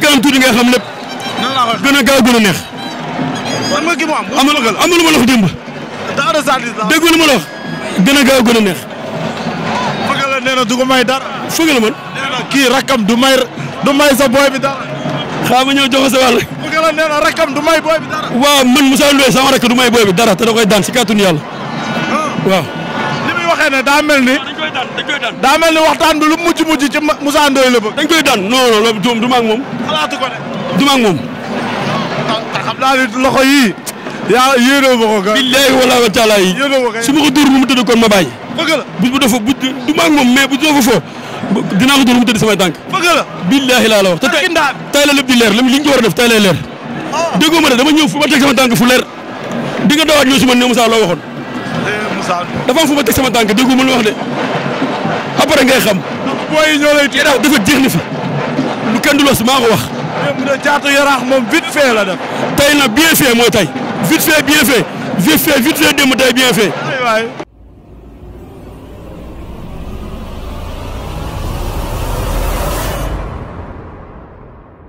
kanam tuuti nga xam lépp. gën a gaaw gën a neex. man ma kii mu am. amalu ma loxo démb. daaw de Sadio Diouf. déggu ma loxo. gën a gaaw gën a neex. la nee na du ko may dara. fëgal man. nee na kii rakkam du may sa boy bi dara. xaaral ma ñëw jox sa wàll. fëgal la nee na rakkam du may boy bi dara. waaw man Moussa Ndoye sama rakk du may dara te koy daan si kàttanu yàlla ah. waaw. waxee daa mel ni. daa mel ni waxtaan bi lu mujj mujj ci Moussa Ndoye la ba. dañ koy daan non non loolu du ma ak moom. xalaatu ko de. du ma naa ni loxo yii. yaa yéenoo ma ko. billaahi wallaahi wa taala yi. yéenoo ma ko su ma ko dóor bu mu tëdd kon ma bàyyi. bëgg la bu bu dafa bu du ma ak moom bu dafa fo dinaa ko dóor bu mu tëdd samay tànk. bëgg la billaahi laa la wax. te tey tey la lépp di leer li ñu ko war a def tey lay leer. Ah. ma ne ñëw fu ma teg sama tànk fu leer di nga dawaat ñëw si man ne Moussa loo waxoon dafa am fu ma teg sama tànk déggu ma lu wax de après ngay xam. booy yi ñoo lay teel dafa jeex ni fi lu kenn du los maa ko wax. dem na caatu yaraax moom vite fait la def. tey na bien fait mooy tey. vite fait bien